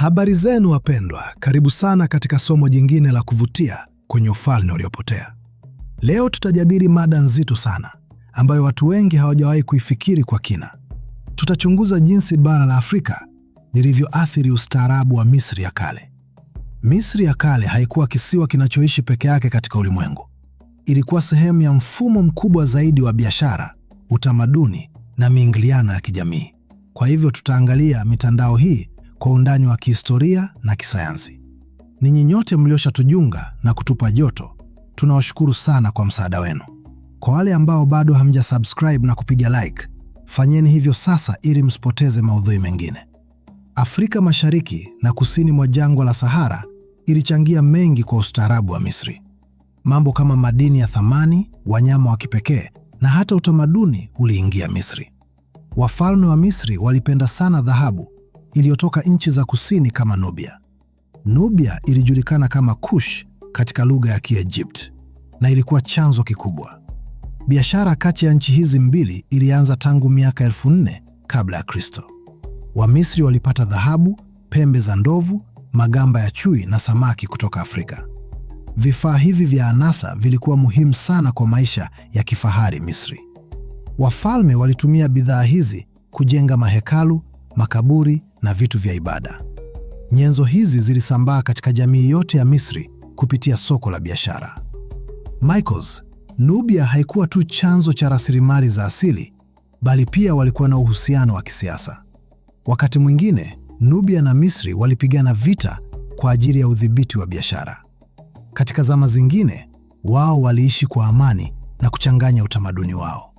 Habari zenu wapendwa, karibu sana katika somo jingine la kuvutia kwenye Ufalme Uliopotea. Leo tutajadili mada nzito sana ambayo watu wengi hawajawahi kuifikiri kwa kina. Tutachunguza jinsi bara la Afrika lilivyoathiri ustaarabu wa Misri ya kale. Misri ya kale haikuwa kisiwa kinachoishi peke yake katika ulimwengu. Ilikuwa sehemu ya mfumo mkubwa zaidi wa biashara, utamaduni na miingiliano ya kijamii. Kwa hivyo tutaangalia mitandao hii kwa undani wa kihistoria na kisayansi. Ninyi nyote mlioshatujunga na kutupa joto, tunawashukuru sana kwa msaada wenu. Kwa wale ambao bado hamja subscribe na kupiga like, fanyeni hivyo sasa ili msipoteze maudhui mengine. Afrika Mashariki na kusini mwa jangwa la Sahara ilichangia mengi kwa ustaarabu wa Misri. Mambo kama madini ya thamani, wanyama wa kipekee na hata utamaduni uliingia Misri. Wafalme wa Misri walipenda sana dhahabu iliyotoka nchi za kusini kama Nubia. Nubia ilijulikana kama Kush katika lugha ya Kiegypt na ilikuwa chanzo kikubwa. Biashara kati ya nchi hizi mbili ilianza tangu miaka elfu nne kabla ya Kristo. Wamisri walipata dhahabu, pembe za ndovu, magamba ya chui na samaki kutoka Afrika. Vifaa hivi vya anasa vilikuwa muhimu sana kwa maisha ya kifahari Misri. Wafalme walitumia bidhaa hizi kujenga mahekalu, makaburi na vitu vya ibada. Nyenzo hizi zilisambaa katika jamii yote ya Misri kupitia soko la biashara. Michaels, Nubia haikuwa tu chanzo cha rasilimali za asili, bali pia walikuwa na uhusiano wa kisiasa. Wakati mwingine, Nubia na Misri walipigana vita kwa ajili ya udhibiti wa biashara. Katika zama zingine, wao waliishi kwa amani na kuchanganya utamaduni wao.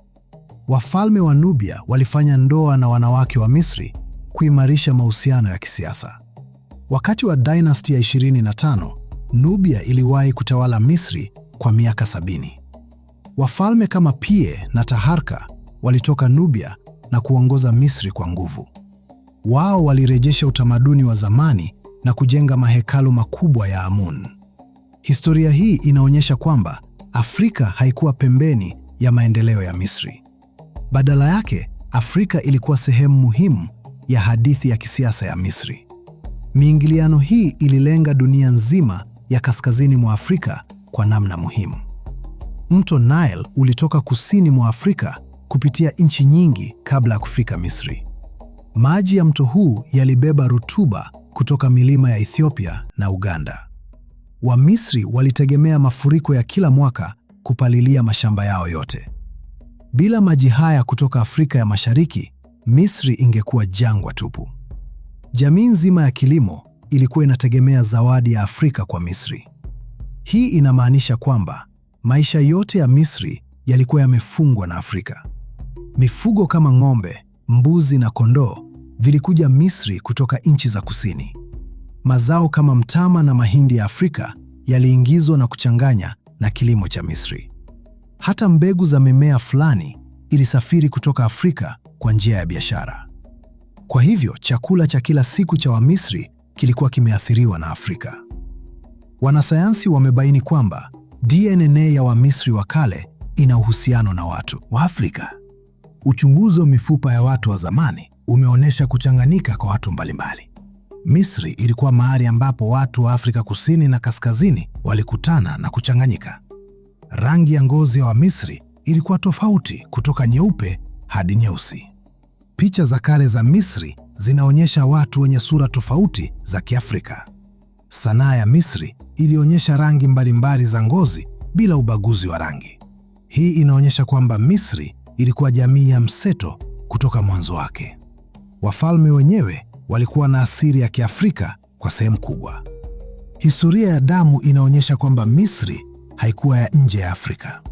Wafalme wa Nubia walifanya ndoa na wanawake wa Misri kuimarisha mahusiano ya kisiasa. Wakati wa dynasty ya 25, Nubia iliwahi kutawala Misri kwa miaka sabini. Wafalme kama Pie na Taharka walitoka Nubia na kuongoza Misri kwa nguvu. Wao walirejesha utamaduni wa zamani na kujenga mahekalu makubwa ya Amun. Historia hii inaonyesha kwamba Afrika haikuwa pembeni ya maendeleo ya Misri. Badala yake, Afrika ilikuwa sehemu muhimu ya hadithi ya kisiasa ya Misri. Miingiliano hii ililenga dunia nzima ya kaskazini mwa Afrika kwa namna muhimu. Mto Nile ulitoka kusini mwa Afrika kupitia nchi nyingi kabla ya kufika Misri. Maji ya mto huu yalibeba rutuba kutoka milima ya Ethiopia na Uganda. Wamisri walitegemea mafuriko ya kila mwaka kupalilia mashamba yao yote. Bila maji haya kutoka Afrika ya Mashariki, Misri ingekuwa jangwa tupu. Jamii nzima ya kilimo ilikuwa inategemea zawadi ya Afrika kwa Misri. Hii inamaanisha kwamba maisha yote ya Misri yalikuwa yamefungwa na Afrika. Mifugo kama ng'ombe, mbuzi na kondoo vilikuja Misri kutoka nchi za kusini. Mazao kama mtama na mahindi ya Afrika yaliingizwa na kuchanganya na kilimo cha Misri. Hata mbegu za mimea fulani ilisafiri kutoka Afrika kwa njia ya biashara. Kwa hivyo chakula cha kila siku cha Wamisri kilikuwa kimeathiriwa na Afrika. Wanasayansi wamebaini kwamba DNA ya Wamisri wa kale ina uhusiano na watu wa Afrika. Uchunguzi wa mifupa ya watu wa zamani umeonyesha kuchanganyika kwa watu mbalimbali. Misri ilikuwa mahali ambapo watu wa Afrika Kusini na Kaskazini walikutana na kuchanganyika. Rangi ya ngozi ya Wamisri ilikuwa tofauti kutoka nyeupe hadi nyeusi. Picha za kale za Misri zinaonyesha watu wenye sura tofauti za Kiafrika. Sanaa ya Misri ilionyesha rangi mbalimbali za ngozi bila ubaguzi wa rangi. Hii inaonyesha kwamba Misri ilikuwa jamii ya mseto kutoka mwanzo wake. Wafalme wenyewe walikuwa na asili ya Kiafrika kwa sehemu kubwa. Historia ya damu inaonyesha kwamba Misri haikuwa ya nje ya Afrika.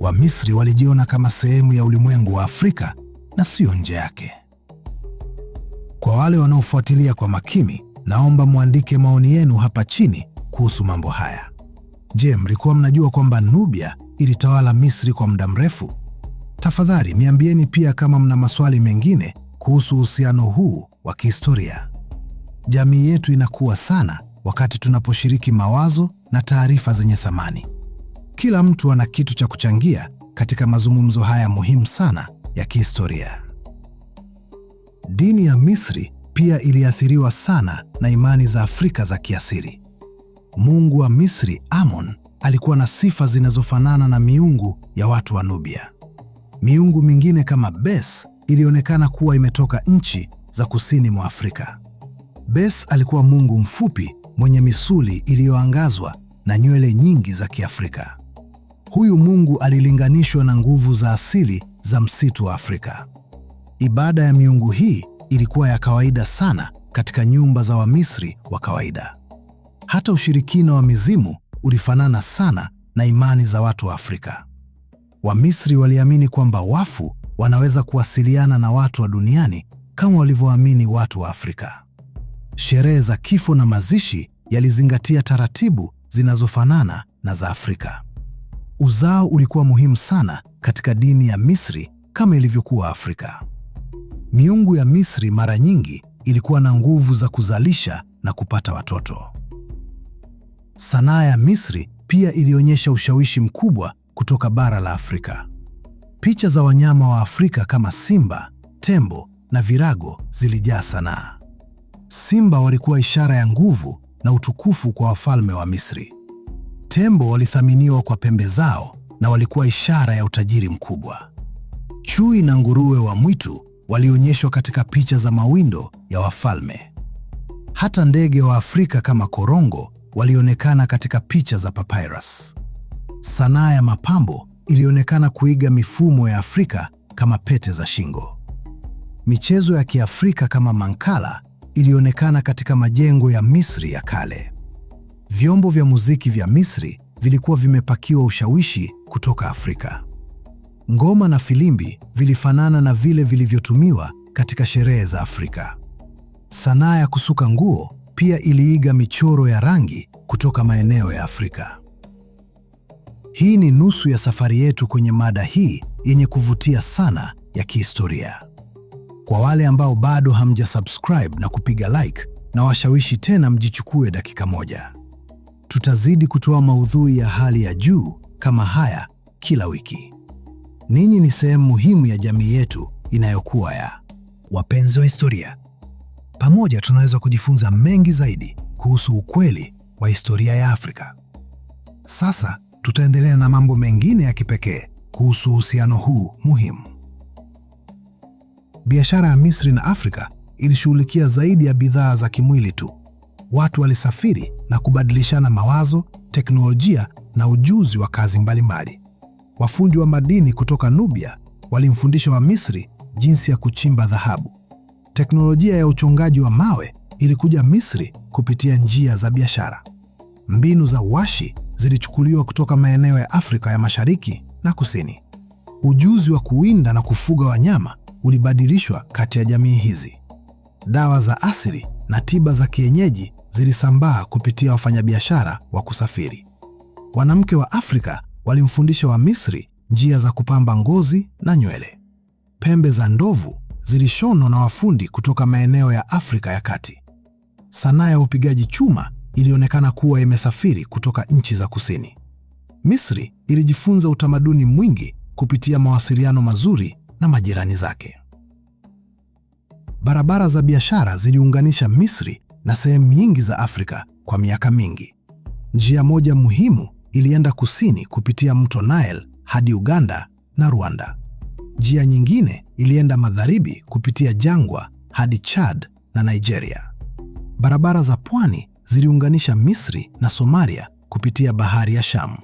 Wamisri walijiona kama sehemu ya ulimwengu wa Afrika na siyo nje yake. Kwa wale wanaofuatilia kwa makini, naomba mwandike maoni yenu hapa chini kuhusu mambo haya. Je, mlikuwa mnajua kwamba Nubia ilitawala Misri kwa muda mrefu? Tafadhali niambieni pia kama mna maswali mengine kuhusu uhusiano huu wa kihistoria. Jamii yetu inakuwa sana wakati tunaposhiriki mawazo na taarifa zenye thamani. Kila mtu ana kitu cha kuchangia katika mazungumzo haya muhimu sana ya kihistoria. Dini ya Misri pia iliathiriwa sana na imani za Afrika za kiasili. Mungu wa Misri Amon alikuwa na sifa zinazofanana na miungu ya watu wa Nubia. Miungu mingine kama Bes ilionekana kuwa imetoka nchi za kusini mwa Afrika. Bes alikuwa mungu mfupi mwenye misuli iliyoangazwa na nywele nyingi za Kiafrika. Huyu mungu alilinganishwa na nguvu za asili za msitu wa Afrika. Ibada ya miungu hii ilikuwa ya kawaida sana katika nyumba za Wamisri wa kawaida. Hata ushirikina wa mizimu ulifanana sana na imani za watu wa Afrika. Wamisri waliamini kwamba wafu wanaweza kuwasiliana na watu wa duniani kama walivyoamini watu wa Afrika. Sherehe za kifo na mazishi yalizingatia taratibu zinazofanana na za Afrika uzao ulikuwa muhimu sana katika dini ya Misri kama ilivyokuwa Afrika. Miungu ya Misri mara nyingi ilikuwa na nguvu za kuzalisha na kupata watoto. Sanaa ya Misri pia ilionyesha ushawishi mkubwa kutoka bara la Afrika. Picha za wanyama wa Afrika kama simba, tembo na virago zilijaa sanaa. Simba walikuwa ishara ya nguvu na utukufu kwa wafalme wa Misri. Tembo walithaminiwa kwa pembe zao na walikuwa ishara ya utajiri mkubwa. Chui na nguruwe wa mwitu walionyeshwa katika picha za mawindo ya wafalme. Hata ndege wa Afrika kama korongo walionekana katika picha za papyrus. Sanaa ya mapambo ilionekana kuiga mifumo ya Afrika kama pete za shingo. Michezo ya Kiafrika kama mankala ilionekana katika majengo ya Misri ya kale vyombo vya muziki vya Misri vilikuwa vimepakiwa ushawishi kutoka Afrika. Ngoma na filimbi vilifanana na vile vilivyotumiwa katika sherehe za Afrika. Sanaa ya kusuka nguo pia iliiga michoro ya rangi kutoka maeneo ya Afrika. Hii ni nusu ya safari yetu kwenye mada hii yenye kuvutia sana ya kihistoria. Kwa wale ambao bado hamja subscribe na kupiga like, na washawishi tena mjichukue dakika moja. Tutazidi kutoa maudhui ya hali ya juu kama haya kila wiki. Ninyi ni sehemu muhimu ya jamii yetu inayokuwa ya wapenzi wa historia. Pamoja tunaweza kujifunza mengi zaidi kuhusu ukweli wa historia ya Afrika. Sasa tutaendelea na mambo mengine ya kipekee kuhusu uhusiano huu muhimu. Biashara ya Misri na Afrika ilishughulikia zaidi ya bidhaa za kimwili tu watu walisafiri na kubadilishana mawazo, teknolojia na ujuzi wa kazi mbalimbali. Wafundi wa madini kutoka Nubia walimfundisha Wamisri jinsi ya kuchimba dhahabu. Teknolojia ya uchongaji wa mawe ilikuja Misri kupitia njia za biashara. Mbinu za uashi zilichukuliwa kutoka maeneo ya Afrika ya Mashariki na Kusini. Ujuzi wa kuwinda na kufuga wanyama ulibadilishwa kati ya jamii hizi. Dawa za asili na tiba za kienyeji zilisambaa kupitia wafanyabiashara wa kusafiri. Wanamke wa Afrika walimfundisha wa misri njia za kupamba ngozi na nywele. Pembe za ndovu zilishonwa na wafundi kutoka maeneo ya Afrika ya Kati. Sanaa ya upigaji chuma ilionekana kuwa imesafiri kutoka nchi za kusini. Misri ilijifunza utamaduni mwingi kupitia mawasiliano mazuri na majirani zake. Barabara za biashara ziliunganisha Misri na sehemu nyingi za Afrika kwa miaka mingi. Njia moja muhimu ilienda kusini kupitia mto Nile hadi Uganda na Rwanda. Njia nyingine ilienda magharibi kupitia jangwa hadi Chad na Nigeria. Barabara za pwani ziliunganisha Misri na Somalia kupitia Bahari ya Shamu.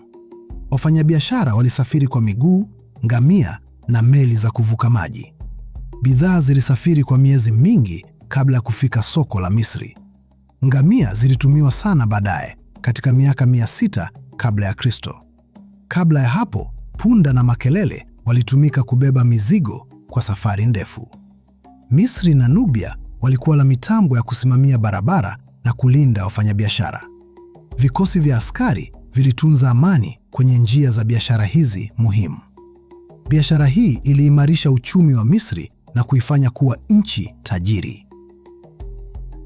Wafanyabiashara walisafiri kwa miguu, ngamia na meli za kuvuka maji. Bidhaa zilisafiri kwa miezi mingi kabla ya kufika soko la Misri. Ngamia zilitumiwa sana baadaye katika miaka mia sita kabla ya Kristo. Kabla ya hapo, punda na makelele walitumika kubeba mizigo kwa safari ndefu. Misri na Nubia walikuwa na mitambo ya kusimamia barabara na kulinda wafanyabiashara. Vikosi vya askari vilitunza amani kwenye njia za biashara hizi muhimu. Biashara hii iliimarisha uchumi wa Misri na kuifanya kuwa nchi tajiri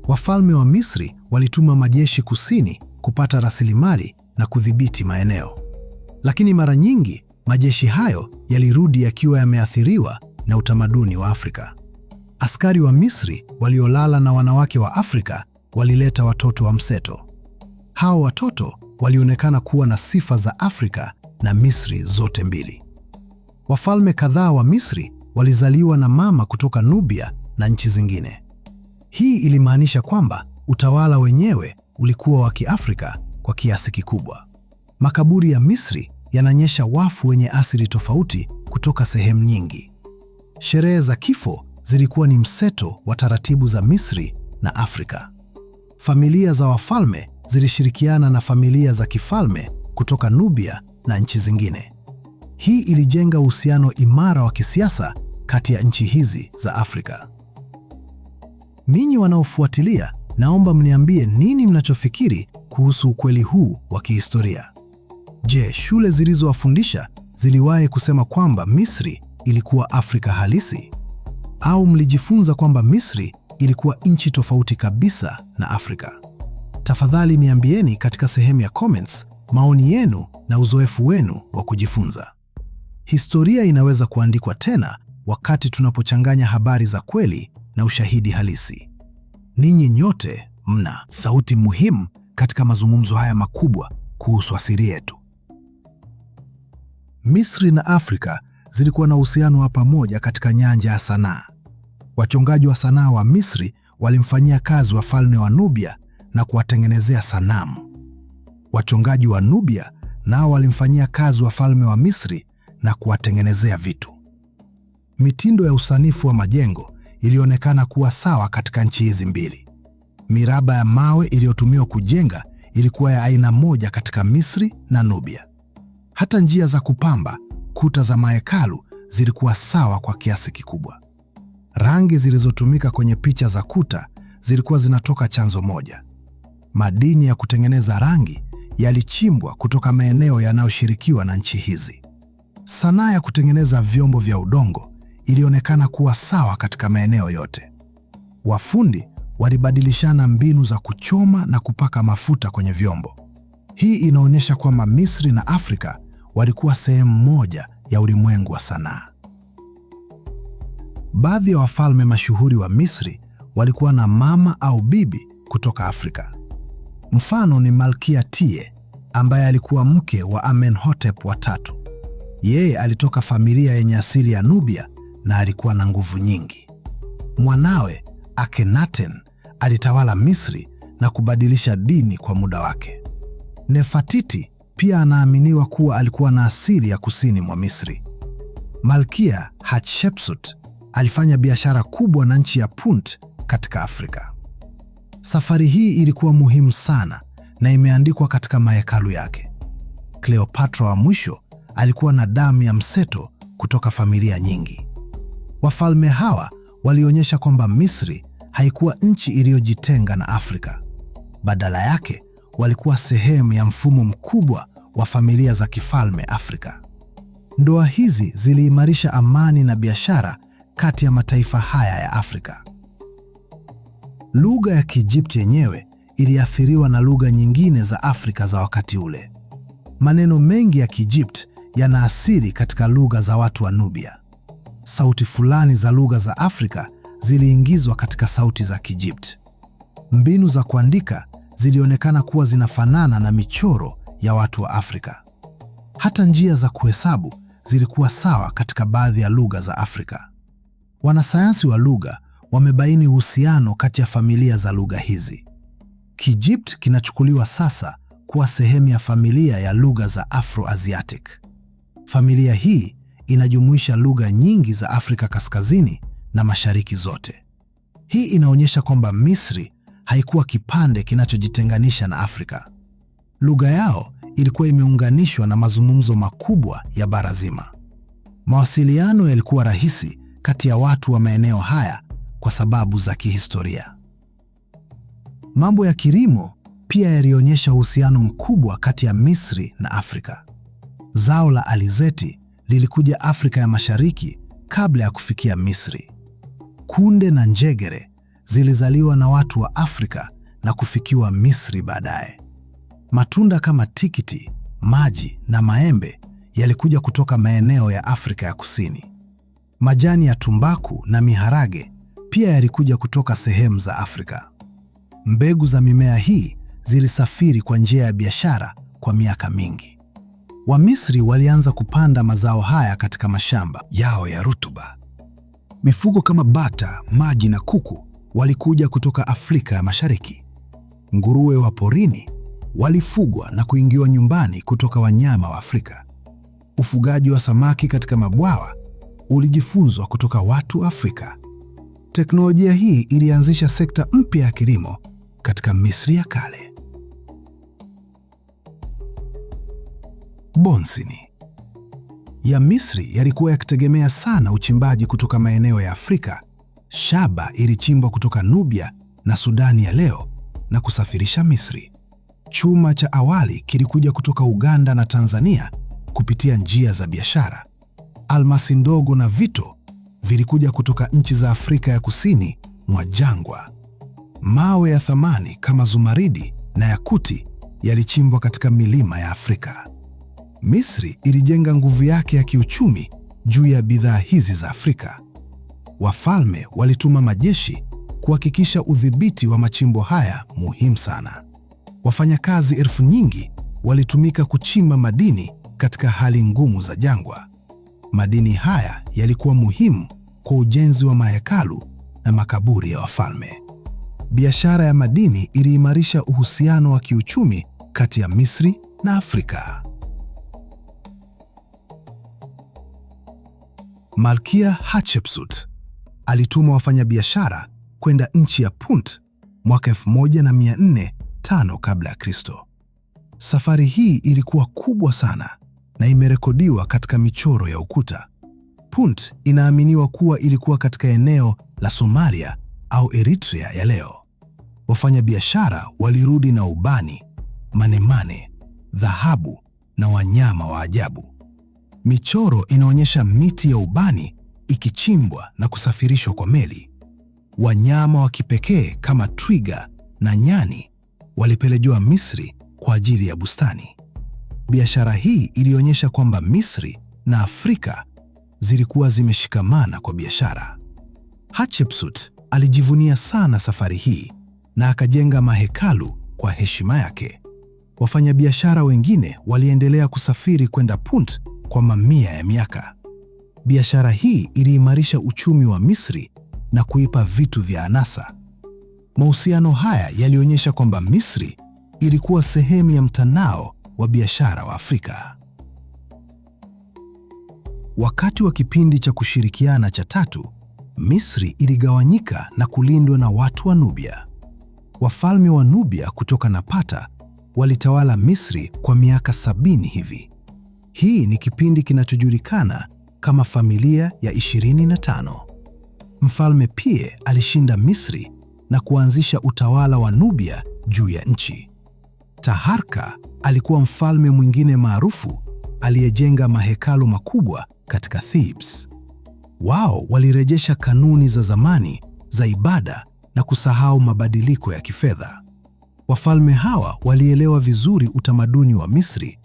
wafalme wa Misri walituma majeshi kusini kupata rasilimali na kudhibiti maeneo, lakini mara nyingi majeshi hayo yalirudi yakiwa yameathiriwa na utamaduni wa Afrika. Askari wa Misri waliolala na wanawake wa Afrika walileta watoto wa mseto. Hao watoto walionekana kuwa na sifa za Afrika na Misri zote mbili. Wafalme kadhaa wa Misri walizaliwa na mama kutoka Nubia na nchi zingine. Hii ilimaanisha kwamba utawala wenyewe ulikuwa wa Kiafrika kwa kiasi kikubwa. Makaburi ya Misri yananyesha wafu wenye asili tofauti kutoka sehemu nyingi. Sherehe za kifo zilikuwa ni mseto wa taratibu za Misri na Afrika. Familia za wafalme zilishirikiana na familia za kifalme kutoka Nubia na nchi zingine. Hii ilijenga uhusiano imara wa kisiasa kati ya nchi hizi za Afrika. Ninyi wanaofuatilia, naomba mniambie nini mnachofikiri kuhusu ukweli huu wa kihistoria. Je, shule zilizowafundisha ziliwahi kusema kwamba Misri ilikuwa Afrika halisi au mlijifunza kwamba Misri ilikuwa nchi tofauti kabisa na Afrika? Tafadhali niambieni katika sehemu ya comments maoni yenu na uzoefu wenu wa kujifunza. Historia inaweza kuandikwa tena wakati tunapochanganya habari za kweli na ushahidi halisi. Ninyi nyote mna sauti muhimu katika mazungumzo haya makubwa kuhusu asili yetu. Misri na Afrika zilikuwa na uhusiano wa pamoja katika nyanja ya sanaa. Wachongaji wa sanaa wa Misri walimfanyia kazi wafalme wa Nubia na kuwatengenezea sanamu. Wachongaji wa Nubia nao walimfanyia kazi wafalme wa Misri na kuwatengenezea vitu. Mitindo ya usanifu wa majengo ilionekana kuwa sawa katika nchi hizi mbili. Miraba ya mawe iliyotumiwa kujenga ilikuwa ya aina moja katika Misri na Nubia. Hata njia za kupamba kuta za mahekalu zilikuwa sawa kwa kiasi kikubwa. Rangi zilizotumika kwenye picha za kuta zilikuwa zinatoka chanzo moja. Madini ya kutengeneza rangi yalichimbwa kutoka maeneo yanayoshirikiwa na nchi hizi. Sanaa ya kutengeneza vyombo vya udongo ilionekana kuwa sawa katika maeneo yote. Wafundi walibadilishana mbinu za kuchoma na kupaka mafuta kwenye vyombo. Hii inaonyesha kwamba Misri na Afrika walikuwa sehemu moja ya ulimwengu wa sanaa. Baadhi ya wafalme mashuhuri wa Misri walikuwa na mama au bibi kutoka Afrika. Mfano ni Malkia Tie ambaye alikuwa mke wa Amenhotep wa tatu. Yeye alitoka familia yenye asili ya Nubia na alikuwa na nguvu nyingi. Mwanawe Akhenaten alitawala Misri na kubadilisha dini kwa muda wake. Nefertiti pia anaaminiwa kuwa alikuwa na asili ya kusini mwa Misri. Malkia Hatshepsut alifanya biashara kubwa na nchi ya Punt katika Afrika. Safari hii ilikuwa muhimu sana na imeandikwa katika mahekalu yake. Kleopatra wa mwisho alikuwa na damu ya mseto kutoka familia nyingi. Wafalme hawa walionyesha kwamba Misri haikuwa nchi iliyojitenga na Afrika. Badala yake, walikuwa sehemu ya mfumo mkubwa wa familia za kifalme Afrika. Ndoa hizi ziliimarisha amani na biashara kati ya mataifa haya ya Afrika. Lugha ya Kijipti yenyewe iliathiriwa na lugha nyingine za Afrika za wakati ule. Maneno mengi ya Kijipti yana asili katika lugha za watu wa Nubia sauti fulani za lugha za Afrika ziliingizwa katika sauti za Kijipt. Mbinu za kuandika zilionekana kuwa zinafanana na michoro ya watu wa Afrika. Hata njia za kuhesabu zilikuwa sawa katika baadhi ya lugha za Afrika. Wanasayansi wa lugha wamebaini uhusiano kati ya familia za lugha hizi. Kijipt kinachukuliwa sasa kuwa sehemu ya familia ya lugha za Afro-Asiatic. Familia hii inajumuisha lugha nyingi za Afrika Kaskazini na Mashariki zote. Hii inaonyesha kwamba Misri haikuwa kipande kinachojitenganisha na Afrika. Lugha yao ilikuwa imeunganishwa na mazungumzo makubwa ya bara zima. Mawasiliano yalikuwa rahisi kati ya watu wa maeneo haya kwa sababu za kihistoria. Mambo ya kilimo pia yalionyesha uhusiano mkubwa kati ya Misri na Afrika. Zao la alizeti lilikuja Afrika ya Mashariki kabla ya kufikia Misri. Kunde na njegere zilizaliwa na watu wa Afrika na kufikiwa Misri baadaye. Matunda kama tikiti, maji na maembe yalikuja kutoka maeneo ya Afrika ya Kusini. Majani ya tumbaku na miharage pia yalikuja kutoka sehemu za Afrika. Mbegu za mimea hii zilisafiri kwa njia ya biashara kwa miaka mingi. Wamisri walianza kupanda mazao haya katika mashamba yao ya rutuba. Mifugo kama bata, maji na kuku walikuja kutoka Afrika ya Mashariki. Nguruwe wa porini walifugwa na kuingiwa nyumbani kutoka wanyama wa Afrika. Ufugaji wa samaki katika mabwawa ulijifunzwa kutoka watu Afrika. Teknolojia hii ilianzisha sekta mpya ya kilimo katika Misri ya kale. Bonsini ya Misri yalikuwa yakitegemea sana uchimbaji kutoka maeneo ya Afrika. Shaba ilichimbwa kutoka Nubia na Sudani ya leo na kusafirisha Misri. Chuma cha awali kilikuja kutoka Uganda na Tanzania kupitia njia za biashara. Almasi ndogo na vito vilikuja kutoka nchi za Afrika ya kusini mwa jangwa. Mawe ya thamani kama zumaridi na yakuti yalichimbwa katika milima ya Afrika. Misri ilijenga nguvu yake ya kiuchumi juu ya bidhaa hizi za Afrika. Wafalme walituma majeshi kuhakikisha udhibiti wa machimbo haya muhimu sana. Wafanyakazi elfu nyingi walitumika kuchimba madini katika hali ngumu za jangwa. Madini haya yalikuwa muhimu kwa ujenzi wa mahekalu na makaburi ya wafalme. Biashara ya madini iliimarisha uhusiano wa kiuchumi kati ya Misri na Afrika. Malkia Hatshepsut alituma wafanyabiashara kwenda nchi ya Punt mwaka 1405 kabla ya Kristo. Safari hii ilikuwa kubwa sana na imerekodiwa katika michoro ya ukuta. Punt inaaminiwa kuwa ilikuwa katika eneo la Somalia au Eritrea ya leo. Wafanyabiashara walirudi na ubani, manemane, dhahabu na wanyama wa ajabu. Michoro inaonyesha miti ya ubani ikichimbwa na kusafirishwa kwa meli. Wanyama wa kipekee kama twiga na nyani walipelejwa Misri kwa ajili ya bustani. Biashara hii ilionyesha kwamba Misri na Afrika zilikuwa zimeshikamana kwa biashara. Hatshepsut alijivunia sana safari hii na akajenga mahekalu kwa heshima yake. Wafanyabiashara wengine waliendelea kusafiri kwenda Punt kwa mamia ya miaka. Biashara hii iliimarisha uchumi wa Misri na kuipa vitu vya anasa. Mahusiano haya yalionyesha kwamba Misri ilikuwa sehemu ya mtandao wa biashara wa Afrika. Wakati wa kipindi cha kushirikiana cha tatu, Misri iligawanyika na kulindwa na watu wa Nubia. Wafalme wa Nubia kutoka Napata walitawala Misri kwa miaka sabini hivi. Hii ni kipindi kinachojulikana kama familia ya 25. Mfalme Pie alishinda Misri na kuanzisha utawala wa Nubia juu ya nchi. Taharka alikuwa mfalme mwingine maarufu aliyejenga mahekalu makubwa katika Thebes. Wao walirejesha kanuni za zamani za ibada na kusahau mabadiliko ya kifedha. Wafalme hawa walielewa vizuri utamaduni wa Misri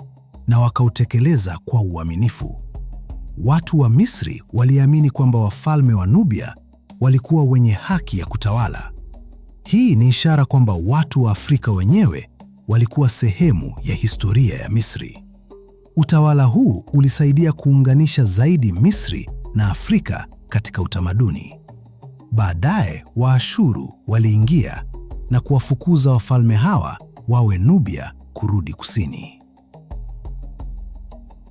na wakautekeleza kwa uaminifu. Watu wa Misri waliamini kwamba wafalme wa Nubia walikuwa wenye haki ya kutawala. Hii ni ishara kwamba watu wa Afrika wenyewe walikuwa sehemu ya historia ya Misri. Utawala huu ulisaidia kuunganisha zaidi Misri na Afrika katika utamaduni. Baadaye Waashuru waliingia na kuwafukuza wafalme hawa wawe Nubia kurudi kusini.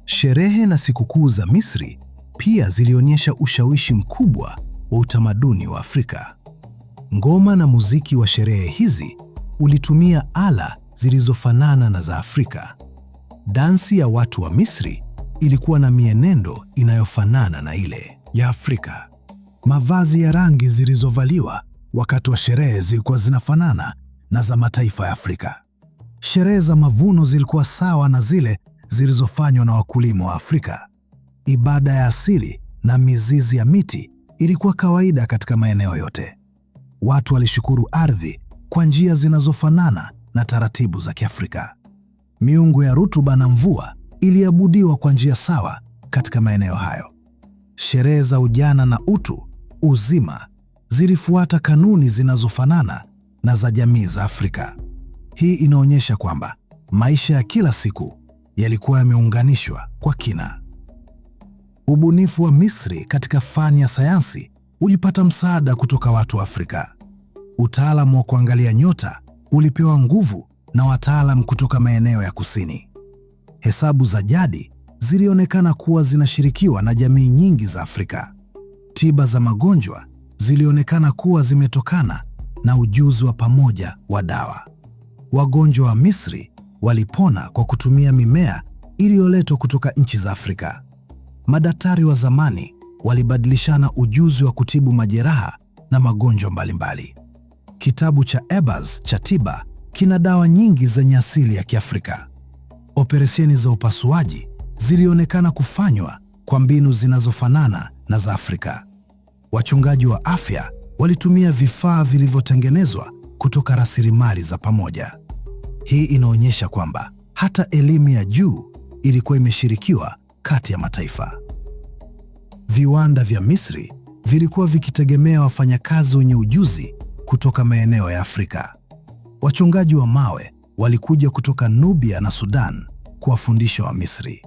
Sherehe na sikukuu za Misri pia zilionyesha ushawishi mkubwa wa utamaduni wa Afrika. Ngoma na muziki wa sherehe hizi ulitumia ala zilizofanana na za Afrika. Dansi ya watu wa Misri ilikuwa na mienendo inayofanana na ile ya Afrika. Mavazi ya rangi zilizovaliwa wakati wa sherehe zilikuwa zinafanana na za mataifa ya Afrika. Sherehe za mavuno zilikuwa sawa na zile zilizofanywa na wakulima wa Afrika. Ibada ya asili na mizizi ya miti ilikuwa kawaida katika maeneo yote. Watu walishukuru ardhi kwa njia zinazofanana na taratibu za Kiafrika. Miungu ya rutuba na mvua iliabudiwa kwa njia sawa katika maeneo hayo. Sherehe za ujana na utu uzima zilifuata kanuni zinazofanana na za jamii za Afrika. Hii inaonyesha kwamba maisha ya kila siku yalikuwa yameunganishwa kwa kina. Ubunifu wa Misri katika fani ya sayansi ulipata msaada kutoka watu Afrika. Utaalamu wa kuangalia nyota ulipewa nguvu na wataalam kutoka maeneo ya kusini. Hesabu za jadi zilionekana kuwa zinashirikiwa na jamii nyingi za Afrika. Tiba za magonjwa zilionekana kuwa zimetokana na ujuzi wa pamoja wa dawa. Wagonjwa wa Misri walipona kwa kutumia mimea iliyoletwa kutoka nchi za Afrika. Madaktari wa zamani walibadilishana ujuzi wa kutibu majeraha na magonjwa mbalimbali. Kitabu cha Ebers cha tiba kina dawa nyingi zenye asili ya Kiafrika. Operesheni za upasuaji zilionekana kufanywa kwa mbinu zinazofanana na za Afrika. Wachungaji wa afya walitumia vifaa vilivyotengenezwa kutoka rasilimali za pamoja. Hii inaonyesha kwamba hata elimu ya juu ilikuwa imeshirikiwa kati ya mataifa. Viwanda vya Misri vilikuwa vikitegemea wafanyakazi wenye ujuzi kutoka maeneo ya Afrika. Wachongaji wa mawe walikuja kutoka Nubia na Sudan kuwafundisha misri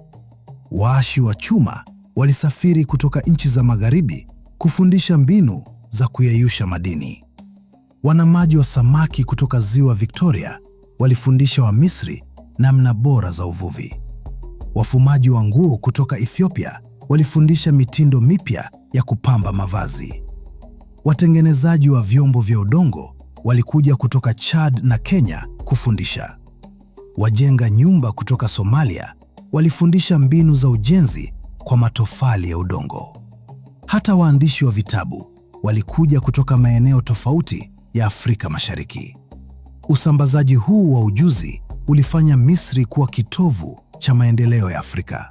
Waashi wa chuma walisafiri kutoka nchi za magharibi kufundisha mbinu za kuyeyusha madini. Wanamaji wa samaki kutoka Ziwa Victoria walifundisha Wamisri namna bora za uvuvi. Wafumaji wa nguo kutoka Ethiopia walifundisha mitindo mipya ya kupamba mavazi. Watengenezaji wa vyombo vya udongo walikuja kutoka Chad na Kenya kufundisha. Wajenga nyumba kutoka Somalia walifundisha mbinu za ujenzi kwa matofali ya udongo. Hata waandishi wa vitabu walikuja kutoka maeneo tofauti ya Afrika Mashariki. Usambazaji huu wa ujuzi ulifanya Misri kuwa kitovu cha maendeleo ya Afrika.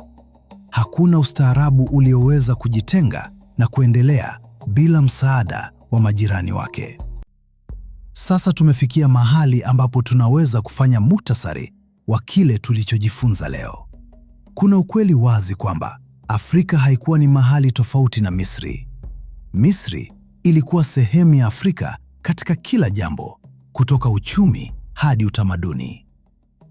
Hakuna ustaarabu ulioweza kujitenga na kuendelea bila msaada wa majirani wake. Sasa tumefikia mahali ambapo tunaweza kufanya muhtasari wa kile tulichojifunza leo. Kuna ukweli wazi kwamba Afrika haikuwa ni mahali tofauti na Misri. Misri ilikuwa sehemu ya Afrika katika kila jambo, kutoka uchumi hadi utamaduni.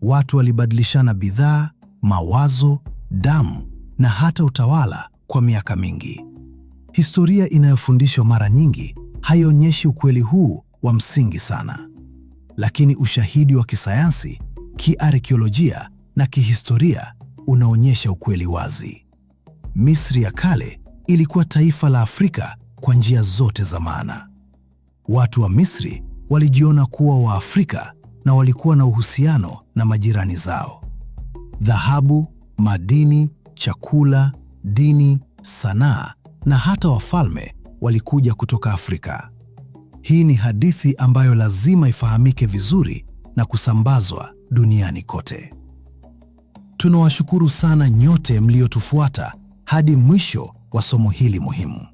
Watu walibadilishana bidhaa, mawazo, damu na hata utawala kwa miaka mingi. Historia inayofundishwa mara nyingi haionyeshi ukweli huu wa msingi sana, lakini ushahidi wa kisayansi, kiarkeolojia na kihistoria unaonyesha ukweli wazi. Misri ya kale ilikuwa taifa la Afrika kwa njia zote za maana. Watu wa Misri walijiona kuwa Waafrika na walikuwa na uhusiano na majirani zao. Dhahabu, madini, chakula, dini, sanaa na hata wafalme walikuja kutoka Afrika. Hii ni hadithi ambayo lazima ifahamike vizuri na kusambazwa duniani kote. Tunawashukuru sana nyote mliotufuata hadi mwisho wa somo hili muhimu.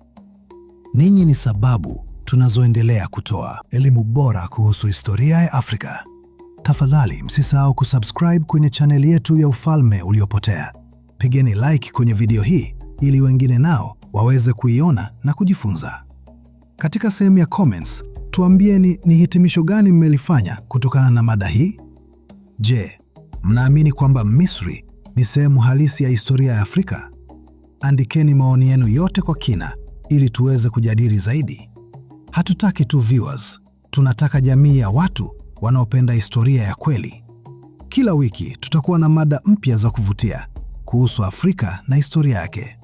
Ninyi ni sababu tunazoendelea kutoa elimu bora kuhusu historia ya Afrika. Tafadhali msisahau kusubscribe kwenye chaneli yetu ya Ufalme Uliopotea. Pigeni like kwenye video hii ili wengine nao waweze kuiona na kujifunza. Katika sehemu ya comments, tuambieni ni hitimisho gani mmelifanya kutokana na mada hii. Je, mnaamini kwamba Misri ni sehemu halisi ya historia ya Afrika? Andikeni maoni yenu yote kwa kina ili tuweze kujadili zaidi. Hatutaki tu viewers, tunataka jamii ya watu wanaopenda historia ya kweli. Kila wiki tutakuwa na mada mpya za kuvutia kuhusu Afrika na historia yake.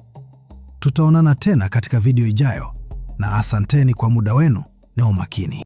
Tutaonana tena katika video ijayo, na asanteni kwa muda wenu na umakini.